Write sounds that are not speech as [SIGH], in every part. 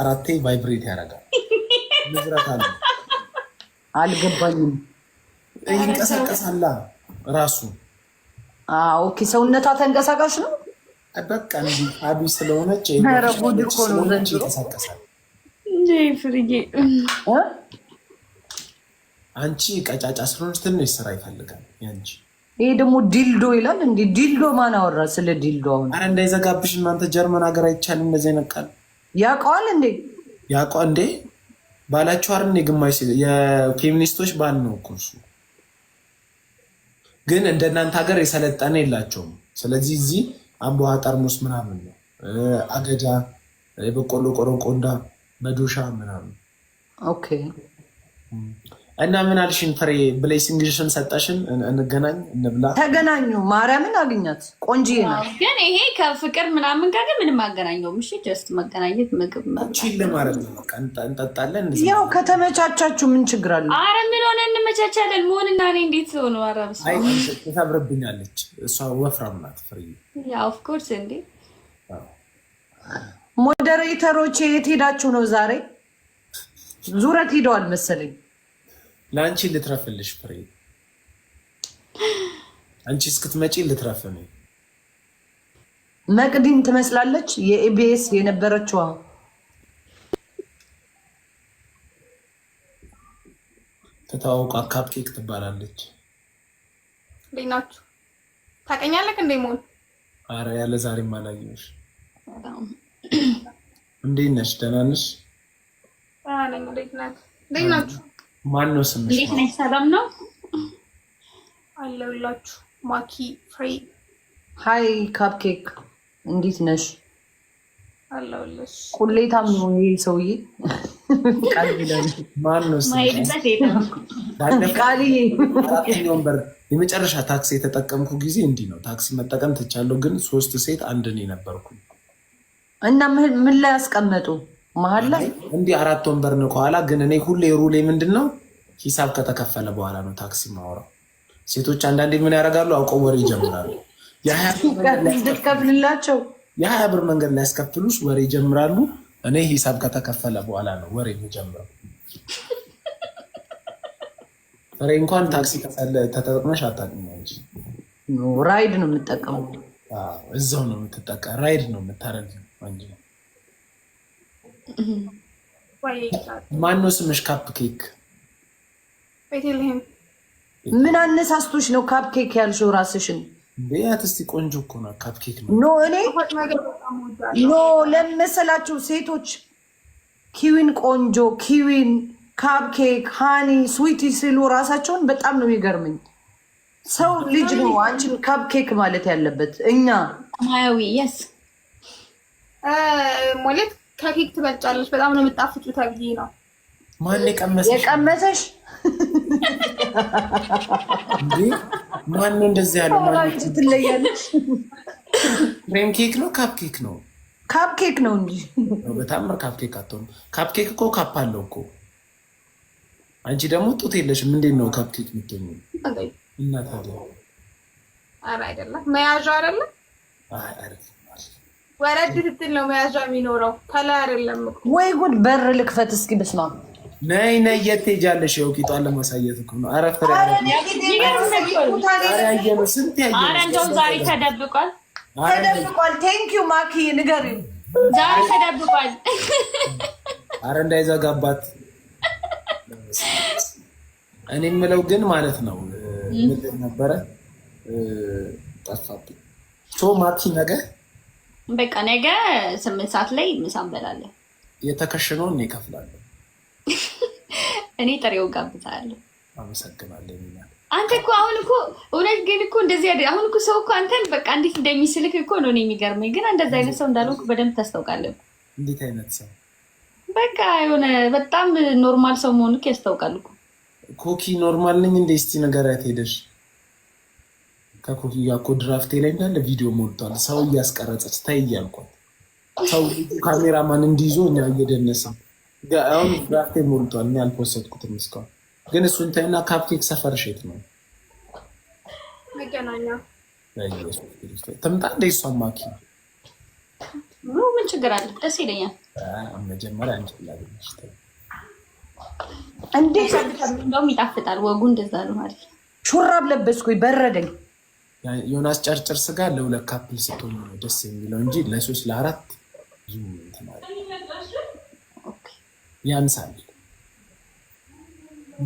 አራቴ ቫይብሬት ያደርጋል። ንዝረት አለ አልገባኝም። ይንቀሳቀሳላ ራሱ ኦኬ። ሰውነቷ ተንቀሳቃሽ ነው። በቃ እንዲህ አቢ ስለሆነች ስለሆነች ይንቀሳቀሳል። አንቺ ቀጫጫ ስለሆነች ትንሽ ስራ ይፈልጋል። አንቺ ይሄ ደግሞ ዲልዶ ይላል። እንዲ ዲልዶ ማን አወራ ስለ ዲልዶ? አሁን አረ እንዳይዘጋብሽ እናንተ ጀርመን ሀገር አይቻልም እንደዚህ ይነቃል? ያውቀዋል እንዴ? ያውቀዋል እንዴ? ባላችሁ አርን የግማሽ የፌሚኒስቶች ባል ነው እኮ እሱ። ግን እንደናንተ ሀገር የሰለጠነ የላቸውም። ስለዚህ እዚህ አምቦ ጠርሙስ ምናምን ነው አገዳ፣ የበቆሎ ቆረቆንዳ፣ መዶሻ ምናምን ኦኬ እና ምን አልሽን ፍሬ ብለሽ ስንግልሽን ሰጠሽን፣ እንገናኝ እንብላ። ተገናኙ። ማርያምን አግኛት ቆንጆ ነው። ግን ይሄ ከፍቅር ምናምን ጋር ግን ምንም አገናኘው። ምሽ ጀስት መገናኘት ምግብ ማለት ነው። እንጠጣለን። ያው ከተመቻቻችሁ ምን ችግር አለ? አረ ምን ሆነ እንመቻቻለን። መሆንና እኔ እንዴት ሆነ? ተብርብኛለች። እሷ ወፍራም ናት ፍሬ። ኦፍኮርስ። እንዴ ሞዴሬተሮች የት ሄዳችሁ ነው ዛሬ? ዙረት ሂደዋል መሰለኝ ለአንቺ ልትረፍልሽ ፍሬ፣ አንቺ እስክትመጪ ልትረፍ ነው። መቅዲን ትመስላለች የኢቢኤስ የነበረችዋ ተታወቋ ካፕኬክ ትባላለች። እንዴት ናችሁ? ታውቀኛለህ እንዴ? መሆን አረ ያለ ዛሬም አላየሁሽ። እንዴት ነሽ? ደህና ነሽ? ደህና ነኝ። እንዴት ናችሁ? ማነው ስምሽ? እንዴት ነሽ? ሰላም ነው አለሁላችሁ። ማኪ ፍሬ ሀይ። ካፕኬክ እንዴት ነሽ? አለሁልሽ። ቁሌታም ነው ይሄ ሰውዬ። የመጨረሻ ታክሲ የተጠቀምኩ ጊዜ እንዲህ ነው። ታክሲ መጠቀም ትቻለሁ፣ ግን ሶስት ሴት አንድ እኔ ነበርኩ እና ምን ላይ አስቀመጡ መሀል ላይ እንዲህ አራት ወንበር ነው ከኋላ። ግን እኔ ሁሌ ሩሌ ምንድን ነው ሂሳብ ከተከፈለ በኋላ ነው ታክሲ ማውራው። ሴቶች አንዳንዴ ምን ያደርጋሉ አውቀው ወሬ ይጀምራሉ። እንድትከፍልላቸው የሀያ ብር መንገድ ሊያስከፍሉሽ ወሬ ይጀምራሉ። እኔ ሂሳብ ከተከፈለ በኋላ ነው ወሬ የሚጀምረው። ፍሬ እንኳን ታክሲ ተጠቅመሽ አታውቅም እንጂ ራይድ ነው የምጠቀመው። እዛው ነው የምትጠቀ ራይድ ነው የምታረግ እንጂ ማነው ስምሽ? ካፕ ኬክ ምን አነሳስቶች ነው ካፕ ኬክ ያልሽው ራስሽን? ቤያት እስቲ ቆንጆ እኮ ነው ካፕ ኬክ ኖ እኔ ኖ ለመሰላችሁ ሴቶች ኪዊን ቆንጆ ኪዊን ካፕኬክ ሃኒ ስዊቲ ሲሉ ራሳቸውን በጣም ነው የሚገርምኝ። ሰው ልጅ ነው አንቺን ካፕኬክ ማለት ያለበት እኛ ማያዊ የስ ማለት ከኬክ ትበልጫለች። በጣም ነው የምጣፍጩ ተብዬ ነው። ማን የቀመሰሽ? የቀመሰሽ ማን እንደዚህ ያለው? ትለያለች። ክሬም ኬክ ነው ካፕ ኬክ ነው? ካፕ ኬክ ነው እንጂ በጣም ካፕ ኬክ አትሆንም። ካፕ ኬክ እኮ ካፕ አለው እኮ። አንቺ ደግሞ ጡት የለሽም። እንዴት ነው ካፕ ኬክ የሚገኙ? እና ታዲያ አይደለም መያዣ አይደለም ወረድ ስትል ነው መያዣ የሚኖረው። ከላይ አይደለም። ወይ ጉድ! በር ልክፈት እስኪ። በስማ ነይ ነይ፣ የት ትሄጃለሽ? ያው ቂጧን ለማሳየት እኮ ነው። ኧረ ተደብቋል፣ ቴንኪው ማኪ፣ ንገሪው። ዛሬ ተደብቋል። እንዳይዘጋባት። እኔ የምለው ግን ማለት ነው ምንድን ነበረ ጠፋብኝ። ሶ ማኪ በቃ ነገ ስምንት ሰዓት ላይ ምሳ እንበላለን። የተከሸነውን እኔ እከፍላለሁ። [LAUGHS] እኔ ጥሬውን ጋብዛለሁ። አመሰግናለሁ። አንተ እኮ አሁን እኮ እውነት ግን እኮ እንደዚህ አሁን እኮ ሰው እኮ አንተን በቃ እንዴት እንደሚስልክ እኮ ነው እኔ የሚገርመኝ። ግን እንደዚ አይነት ሰው እንዳልሆንኩ በደንብ ታስታውቃለህ። እንዴት አይነት ሰው በቃ የሆነ በጣም ኖርማል ሰው መሆኑ ያስታውቃል እኮ። ኮኪ ኖርማል ነኝ እንደ እስቲ ነገር ያትሄደሽ ከኮፍያ እኮ ድራፍቴ ላይ እንዳለ ቪዲዮ ሞልቷል። ሰው እያስቀረጸች ታይ እያልኳት ሰው ካሜራማን እንዲይዞ እኛ እየደነስን አሁን ድራፍቴ ሞልቷል። እኔ አልፖሰድኩትም እስካሁን ግን እሱ ታይና ካፕቴክ ሰፈር ሼት ነው መገናኛ ትምጣ እንደ እሷ ማኪ ምን ችግር አለ? ደስ ይለኛል። መጀመሪያ እንችላለን። እንዴት እንደውም ይጣፍጣል ወጉ እንደዛ ነው። ሹራብ ለበስኩኝ በረደኝ። የሆነ ጨርጨር ስጋ ለሁለት ካፕል ስትሆኑ ነው ደስ የሚለው እንጂ ለሶስት ለአራት ብዙ ያንሳል።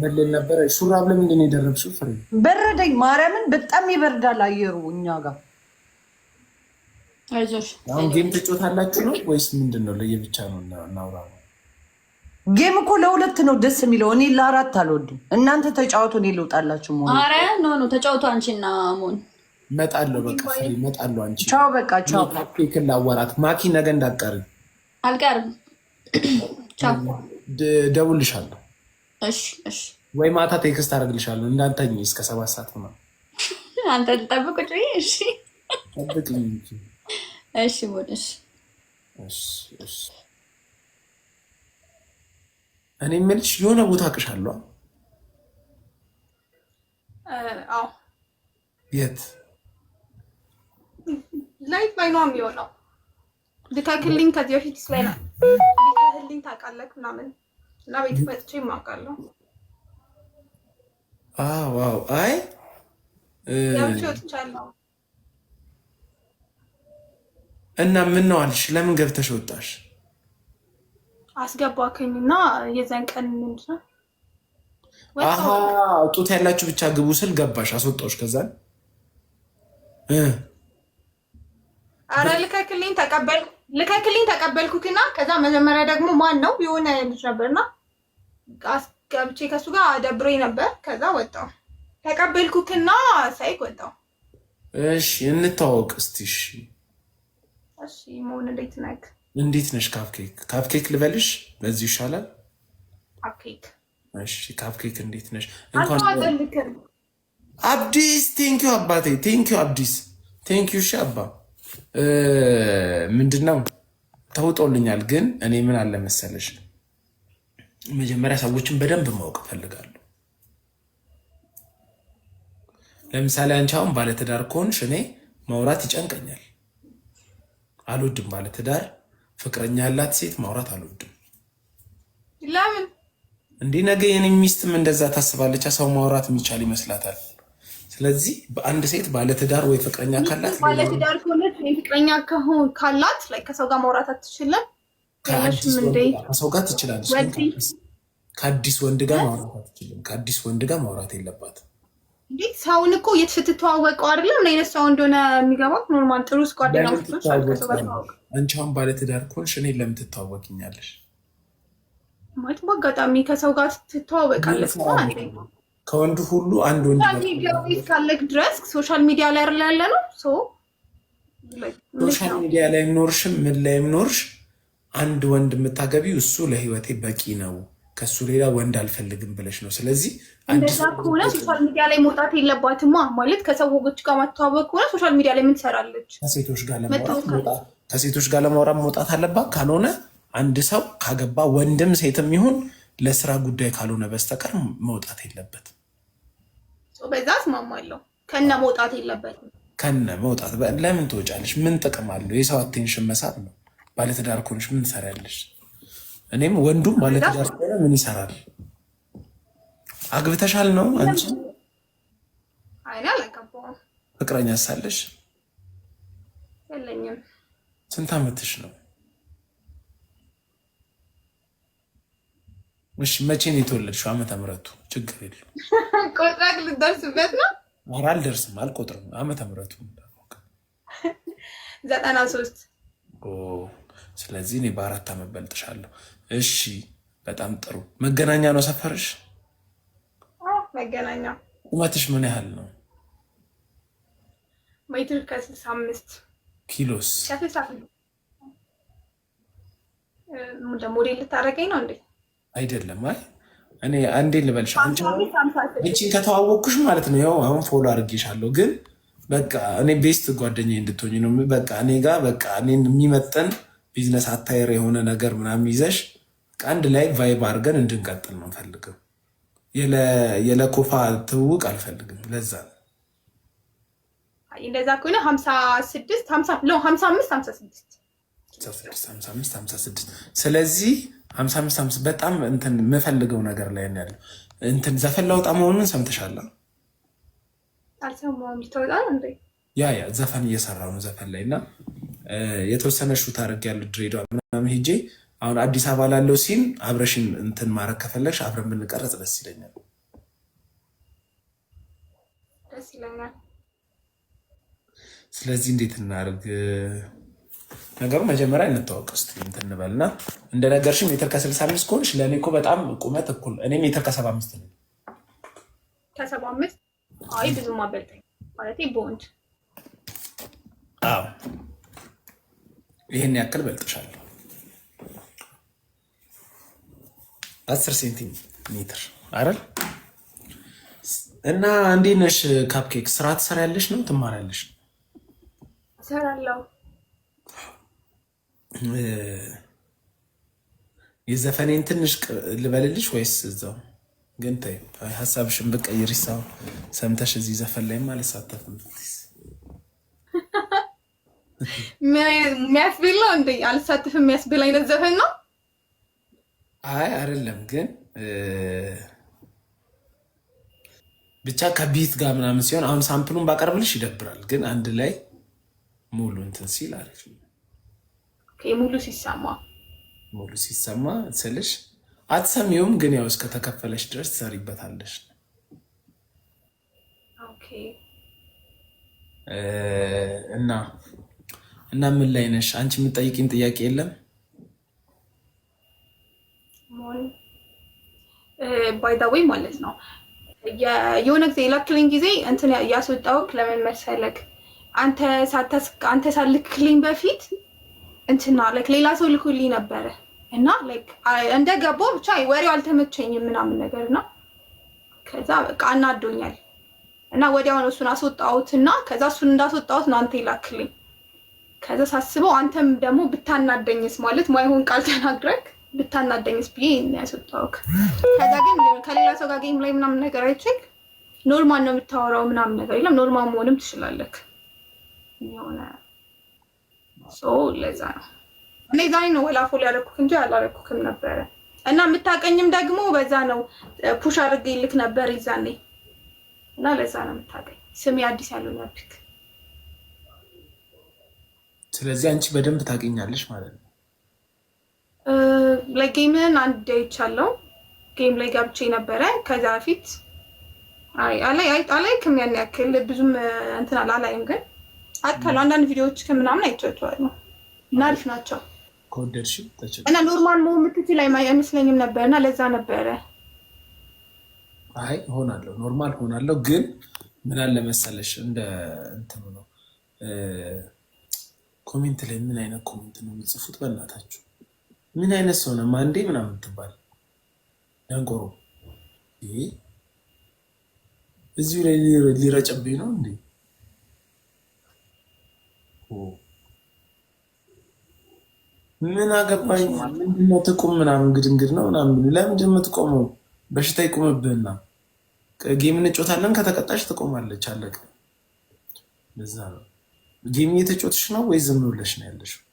በልል ነበረ። ሹራብ ለምንድን ነው የደረብሽው? ፍሬ በረደኝ። ማርያምን በጣም ይበርዳል አየሩ እኛ ጋር። አሁን ጌም ትጮታላችሁ ነው ወይስ ምንድን ነው? ለየብቻ ነው እናውራ። ጌም እኮ ለሁለት ነው ደስ የሚለው። እኔ ለአራት አልወድም። እናንተ ተጫወቱ፣ እኔ ልውጣላችሁ። ኧረ ኖ ኖ ተጫወቱ አንቺና ሞን እመጣለሁ። በቃ ፍሬ እመጣለሁ። አንቺ ቻው። በቃ ቻው። ኬክን ማኪ ነገ እንዳትቀሪ። አልቀርም። [CLEARS THROAT] ደውልሻለሁ። እሺ፣ እሺ። ወይ ማታ ቴክስት አደርግልሻለሁ። እንዳንተኝ እስከ ሰባት ሰዓት ሆና [LAUGHS] አንተ እሺ፣ ጠብቅ። እሺ፣ እሺ፣ እሺ። እኔ የምልሽ የሆነ ቦታ አቅሻለሁ። የት ላይ ባይኗ የሚሆነው ልከክልኝ ከዚህ በፊት ስላይና ልከክልኝ ታውቃለህ ምናምን እና ቤት መጥቼ ይማቃለሁ። ዋው አይ እና ምን ነው አልሽ? ለምን ገብተሽ ወጣሽ? አስገባከኝ እና የዛን ቀን ምንድነው ጡት ያላችሁ ብቻ ግቡ ስል ገባሽ፣ አስወጣዎች ከዛን እ አረ ልከክልኝ ተቀበልኩ ልከክልኝ ተቀበልኩትና ከዛ መጀመሪያ ደግሞ ማን ነው የሆነ ልጅ ነበርና አስገብቼ ከሱ ጋር ደብሮኝ ነበር። ከዛ ወጣው ተቀበልኩክና ሳይክ ወጣው። እሺ እንታወቅ እስቲ። እሺ እሺ፣ መሆን እንዴት ነክ? እንዴት ነሽ? ካፕኬክ ካፕኬክ ልበልሽ? በዚህ ይሻላል። ካፕኬክ እሺ፣ ካፕኬክ እንዴት ነሽ? እንኳን አብዲስ ቴንኪው አባቴ፣ ቴንኪው አብዲስ፣ ቴንኪው እሺ አባ ምንድነው ተውጦልኛል። ግን እኔ ምን አለመሰለሽ መጀመሪያ ሰዎችን በደንብ ማወቅ እፈልጋለሁ። ለምሳሌ አንቺ አሁን ባለትዳር ከሆንሽ እኔ ማውራት ይጨንቀኛል፣ አልወድም። ባለትዳር ፍቅረኛ ያላት ሴት ማውራት አልወድም። ለምን? እንዲህ ነገ የኔ ሚስትም እንደዛ ታስባለች። ሰው ማውራት የሚቻል ይመስላታል። ስለዚህ በአንድ ሴት ባለትዳር ወይ ፍቅረኛ ካላት ባለትዳር ከሆነ ፍቅረኛ ከሆን ካላት ላይ ከሰው ጋር ማውራት አትችልም። ከሰው ጋር ትችላለች። ከአዲስ ወንድ ጋር ማውራት አትችልም። ከአዲስ ወንድ ጋር ማውራት የለባትም። እንዴት ሰውን እኮ ስትተዋወቀው አይደለም ምን አይነት ሰው እንደሆነ የሚገባት ኖርማል ጥሩ ስ ጓደኛ መስሎች ባለትዳር ኮንሽ እኔን ለምን ትተዋወቅኛለሽ? ማለት በአጋጣሚ ከሰው ጋር ትተዋወቃለች። ከወንዱ ሁሉ አንድ ወንድ ሚዲያ ካለክ ድረስ ሶሻል ሚዲያ ላይ ያለ ነው ሶሻል ሚዲያ ላይ ኖርሽ ምን ላይ ኖርሽ አንድ ወንድ የምታገቢው እሱ ለህይወቴ በቂ ነው፣ ከሱ ሌላ ወንድ አልፈልግም ብለሽ ነው። ስለዚህ እንደዛ ከሆነ ሶሻል ሚዲያ ላይ መውጣት የለባትማ ማለት ከሰዎች ጋር መተዋወቅ ከሆነ ሶሻል ሚዲያ ላይ ምን ትሰራለች? ከሴቶች ጋር ለማውራት መውጣት አለባት። ካልሆነ አንድ ሰው ካገባ ወንድም ሴትም ይሁን ለስራ ጉዳይ ካልሆነ በስተቀር መውጣት የለበትም። በዛ እስማማለሁ። ከነ መውጣት የለበትም። ከነ መውጣት ለምን ትወጫለሽ? ምን ጥቅም አለው? የሰው አቴንሽን መሳብ ነው። ባለትዳር ከሆንሽ ምን ትሰሪያለሽ? እኔም ወንዱም ባለትዳር ከሆነ ምን ይሰራል? አግብተሻል ነው አንቺ? ፍቅረኛ ሳለሽ? የለኝም። ስንት አመትሽ ነው? እሺ መቼ ነው የተወለድሽው? ዓመተ ምሕረቱ ችግር የለም። ቆጣቅ ልደርስበት ነው ወር አልደርስም አልቆጥርም። ዓመተ ምሕረቱ ዘጠና ሶስት ስለዚህ እኔ በአራት ዓመት በልጥሻለሁ። እሺ በጣም ጥሩ። መገናኛ ነው ሰፈርሽ? መገናኛ። ቁመትሽ ምን ያህል ነው? ሜትር ከስልሳ አምስት ኪሎስ? ሞዴል ልታደርገኝ ነው እንዴ? አይደለም አይ እኔ አንዴ ልበልሽ አንቺን ከተዋወቅኩሽ ማለት ነው። ያው አሁን ፎሎ አድርጌሻለሁ፣ ግን በቃ እኔ ቤስት ጓደኛ እንድትሆኝ ነው። በቃ እኔ ጋር በቃ እኔን የሚመጠን ቢዝነስ አታይር የሆነ ነገር ምናምን ይዘሽ አንድ ላይ ቫይብ አድርገን እንድንቀጥል ነው ፈልግም። የለኮፋ ትውውቅ አልፈልግም። ለዛ ነው እንደዛ ከሆነ ሀምሳ ስድስት ስለዚህ ሀምሳ አምስት አምስት በጣም እንትን የምፈልገው ነገር ላይ ያለው እንትን ዘፈን ላውጣ መሆኑን ሰምተሻላ? ያ ያ ዘፈን እየሰራ ነው ዘፈን ላይ እና የተወሰነ ሹት አድርግ አድርጌያለሁ ድሬዳዋ ምናምን ሄጄ አሁን አዲስ አበባ ላለው ሲን አብረሽን እንትን ማድረግ ከፈለግሽ አብረን ብንቀረጽ ደስ ይለኛል። ስለዚህ እንዴት እናደርግ? ነገሩ መጀመሪያ እንተዋወቅ እስኪ እንትን እንበልና እንደነገርሽኝ ሜትር ከስልሳ አምስት ከሆንሽ ለእኔ እኮ በጣም ቁመት እኩል እኔ ሜትር ከሰባ አምስት ነው ከሰባ አምስት አይ ብዙም አበልጠኝ ማለቴ በወንድ ይህን ያክል በልጥሻለሁ አስር ሴንቲሜትር አይደል እና እንዴት ነሽ ካፕኬክ ስራ ትሰሪያለሽ ነው ትማሪያለሽ እሰራለሁ የዘፈኔን ትንሽ ልበልልሽ ወይስ እዛው ግን ተይ ሀሳብሽን ብትቀይሪ ይሳው ሰምተሽ እዚህ ዘፈን ላይም አልሳተፍም የሚያስብላው እንደ አልሳተፍም የሚያስብል አይነት ዘፈን ነው። አይ አይደለም፣ ግን ብቻ ከቢት ጋር ምናምን ሲሆን አሁን ሳምፕሉን ባቀርብልሽ ይደብራል፣ ግን አንድ ላይ ሙሉ እንትን ሲል አሪፍ ነው። ሙሉ ሲሰማ ሙሉ ሲሰማ ስልሽ አትሰሚውም፣ ግን ያው እስከተከፈለች ድረስ ትሰሪበታለሽ። እና እና ምን ላይ ነሽ አንቺ? የምጠይቅኝ ጥያቄ የለም? ባይ ዘ ማለት ነው የሆነ ጊዜ የላክልኝ ጊዜ እንትን ያስወጣው ለምን መሰለክ አንተ ሳልክልኝ በፊት እንትና ላይክ ሌላ ሰው ልኮልኝ ነበረ እና ላይክ እንደ ገባሁ ብቻ ወሬው አልተመቸኝም ምናምን ነገር እና ከዛ በቃ አናዶኛል እና ወዲያውኑ እሱን አስወጣሁት እና ከዛ እሱን እንዳስወጣሁት ነው አንተ ይላክልኝ። ከዛ ሳስበው አንተም ደግሞ ብታናደኝስ ማለት ማይሆን ቃል ተናግረክ ብታናደኝስ ብዬ ነው ያስወጣሁት። ከዛ ግን ከሌላ ሰው ጋር ጌም ላይ ምናምን ነገር አይችል ኖርማል ነው የምታወራው ምናምን ነገር የለም ኖርማል መሆንም ትችላለህ የሆነ ለዛ ነው እኔ ዛሬ ነው ወላፎል ያደረኩት እንጂ አላደረኩትም ነበረ። እና የምታቀኝም ደግሞ በዛ ነው ፑሽ አድርጌ ይልክ ነበር ይዛኔ እና ለዛ ነው የምታቀኝ። አዲስ ያለው ስለዚህ አንቺ በደንብ ታገኛለሽ ማለት ነው። ለጌምን አንድ ጌም ላይ ገብቼ ነበረ ከዛ በፊት አላይ አላይክም ያን ያክል ብዙም እንትን አላላይም ግን አታሉ አንዳንድ ቪዲዮዎች ከምናምን አይቻቸዋሉ? እና አሪፍ ናቸው። ከወደድሽ እና ኖርማል መሆን ምትችል አይመስለኝም ነበር እና ለዛ ነበረ። አይ ሆናለሁ፣ ኖርማል ሆናለሁ። ግን ምን አለ መሰለሽ እንደ እንትኑ ነው። ኮሜንት ላይ ምን አይነት ኮሜንት ነው የሚጽፉት? በእናታችሁ ምን አይነት ሰው ነው ማንዴ ምናምን ትባል ደንቆሮ እዚሁ ላይ ሊረጨብኝ ነው እንዴ? ምን አገባኝ? ምንድነው ትቁም ምናምን ግድንግድ ነው ምናምን። ለምንድን የምትቆመው? በሽታ ይቁምብህና ጌም እንጮታለን። ከተቀጣሽ ትቆማለች። አለቀ። ለዛ ነው ጌም እየተጮትሽ ነው ወይ ዝም ብለሽ ነው ያለሽው?